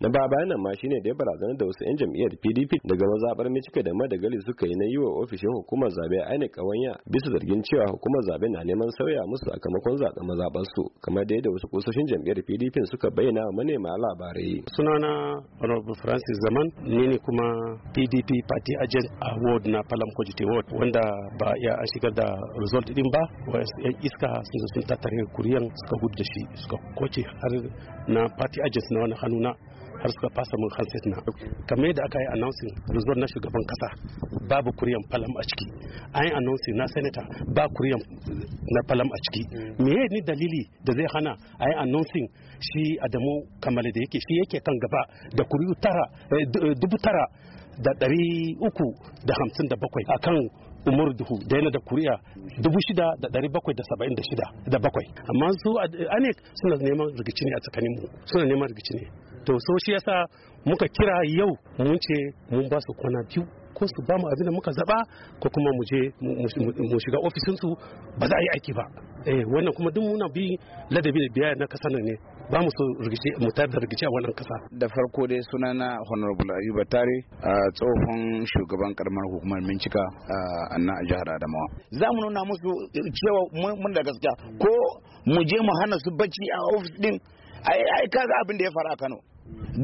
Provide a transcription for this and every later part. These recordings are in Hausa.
na baya nan ma shine da ya barazana da wasu 'yan jam'iyyar pdp daga mazaɓar michiga da madagali suka yi na yi wa ofishin hukumar zabe aini kawanya bisa zargin cewa hukumar zabe na neman sauya musu sakamakon zaɓen mazaɓar su kamar da yadda wasu kusoshin jam'iyyar pdp suka bayyana wa manema labarai sunana honorable francis zaman ni ne kuma pdp party agent a ward na palam kojite ward wanda ba ya an shigar da result din ba wasu 'yan iska sun sun tattare kuriyan suka gudu da shi suka koce har na party agent na wani hannu na har suka fasa mun handset na kamar yadda aka yi announcing result na shugaban kasa babu kuryan falam a ciki an yi announcing na senator ba kuryan na falam a ciki mm. me ni dalili da zai hana a yi announcing shi adamu kamale da yake shi yake kan gaba da kuriyu tara eh, eh, dubu tara da ɗari uku da hamsin da bakwai a kan umar duhu da yana da kuriya dubu shida da ɗari bakwai da saba'in da shida da bakwai amma su anek suna neman rigici ne a tsakaninmu suna neman rigici ne to so shi yasa muka kira yau mun ce mun ba su kwana biyu ko su ba mu abin da muka zaba ko kuma mu je mu shiga ofisinsu ba za a yi aiki ba eh wannan kuma duk muna bi ladabi da biyayya na kasa ne ba mu so rigice mu tada da rigice a wannan kasa da farko dai sunana honorable ayuba tare a tsohon shugaban karamar hukumar bincika a nan jihar adamawa za mu nuna musu cewa mun da gaskiya ko mu je mu hana su bacci a ofis din ai ai kaga abin da ya fara a Kano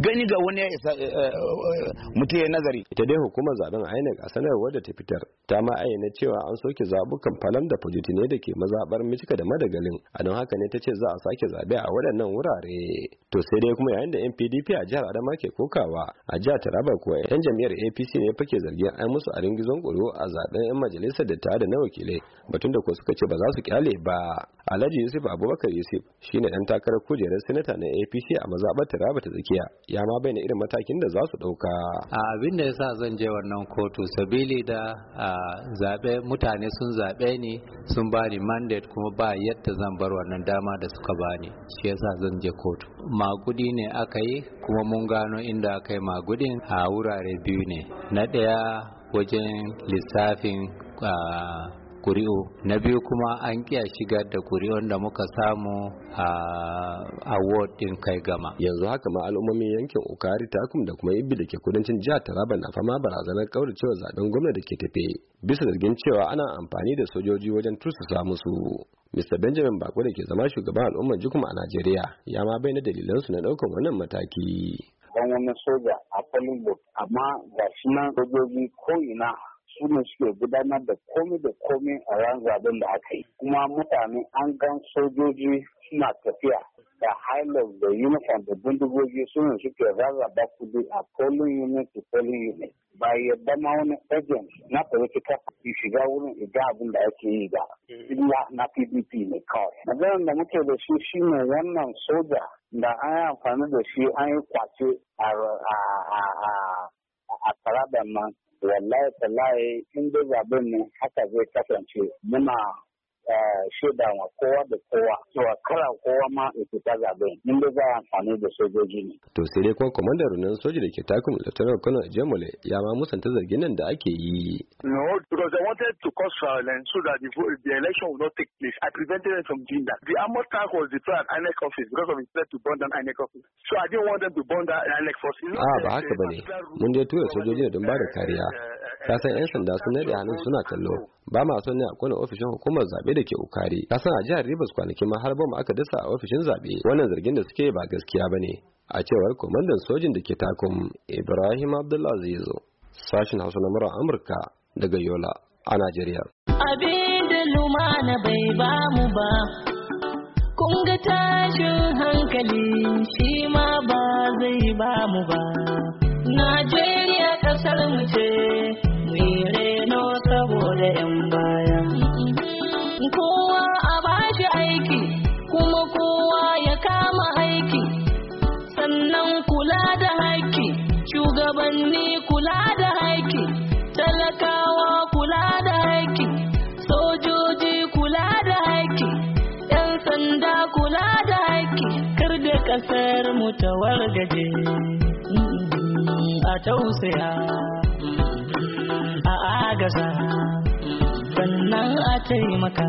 gani ga wani ya isa eh, eh, eh, mutum ya nazari ita dai hukumar zaben INEC a sanarwar da ta fitar ta ma ayyana cewa an soke zabukan falon da fujiti ne da ke mazabar Michiga da Madagalin a don haka ne ta ce za a sake zabe a waɗannan wurare to sai dai kuma yayin da NPDP a jihar Adama ke kokawa a jihar Taraba kuwa yan jam'iyyar APC ne fake zargin an musu a ringizon ƙuri'u a zaben yan majalisar da ta da na wakilai batun da ko suka ce ba za su kyale ba Alhaji Yusuf Abubakar Yusuf shine ɗan takarar kujerar sinata na APC a mazabar Taraba ta tsakiya lafiya ya ma bai irin matakin da za su ɗauka. a abin da yasa zan je wannan kotu sabili da zaɓe mutane sun zaɓe ni sun ba bani mandate kuma ba yadda zan bar wannan dama da suka bani shi ya sa zan je kotu magudi ne aka yi kuma mun gano inda aka yi magudin a wurare biyu ne na ɗaya wajen lissafin kuri'u na biyu kuma an kiya shigar da kuri'un da muka samu a ward din kai gama yanzu haka ma al'ummomin yankin ukari takum da kuma ibi da ke kudancin jihar taraba na fama barazanar kauracewa zaben gwamna da ke tafe bisa zargin cewa ana amfani da sojoji wajen tursasa musu Mr. Benjamin Bako da ke zama shugaban al'ummar jukum a Najeriya ya ma bayyana dalilansu na ɗaukar wannan mataki. Ban wani soja a Hollywood amma ga shi nan sojoji ko ina su ne suke gudanar da komi da komai a ran zaben da aka yi kuma mutane an gan sojoji suna tafiya da highland da uniform da bindigogi su ne suke rarraba kudi a polling unit to polling unit ba yadda ma wani agent na political party shiga wurin iga abin da ake yi ba illa na pdp ne kawai maganar da muke da shi shine wannan soja da an yi amfani da shi an yi kwace a a karaban ma wallahi in dai zaben mu haka zai kasance muna eh, shaida wa kowa da kowa cewa kara kowa ma ya fita zaben in da za a amfani da sojoji ne. To sai dai kuma kwamandan rundunar soja da ke takun Lieutenant Colonel Jamale ya ma musanta zargin nan da ake yi. No, because they wanted to cause violence so that the, the election would not take place. I prevented them from doing that. The armored tank was deployed at INEC office because of his threat to burn down INEC office. So I didn't want them to burn down INEC force. Ah, ba haka ba ne. Mun dai tura sojoji da don ba da kariya. Eh, eh, eh, Kasan 'yan sanda sun nade hannun suna kallo. Ba ma son ne a kone ofishin hukumar zaɓe da ke uk kare kasan a jihar Ribas kwanaki ma har aka dasa a ofishin zabe wannan zargin da suke ba gaskiya bane a cewar komandan sojin da ke takum Ibrahim Abdulaziz sashin Hausa na murar Amurka daga Yola a Najeriya abin lumana bai ba ba kun tashin hankali shi ma ba zai ba ba Najeriya kasar mu ce kula da haƙƙi shugabanni kula da haƙƙi talakawa kula da haƙƙi sojoji kula da haƙƙi 'yan sanda kula da haƙƙi kar da kasar mu ta wargaje a tausaya a agasa sannan a taimaka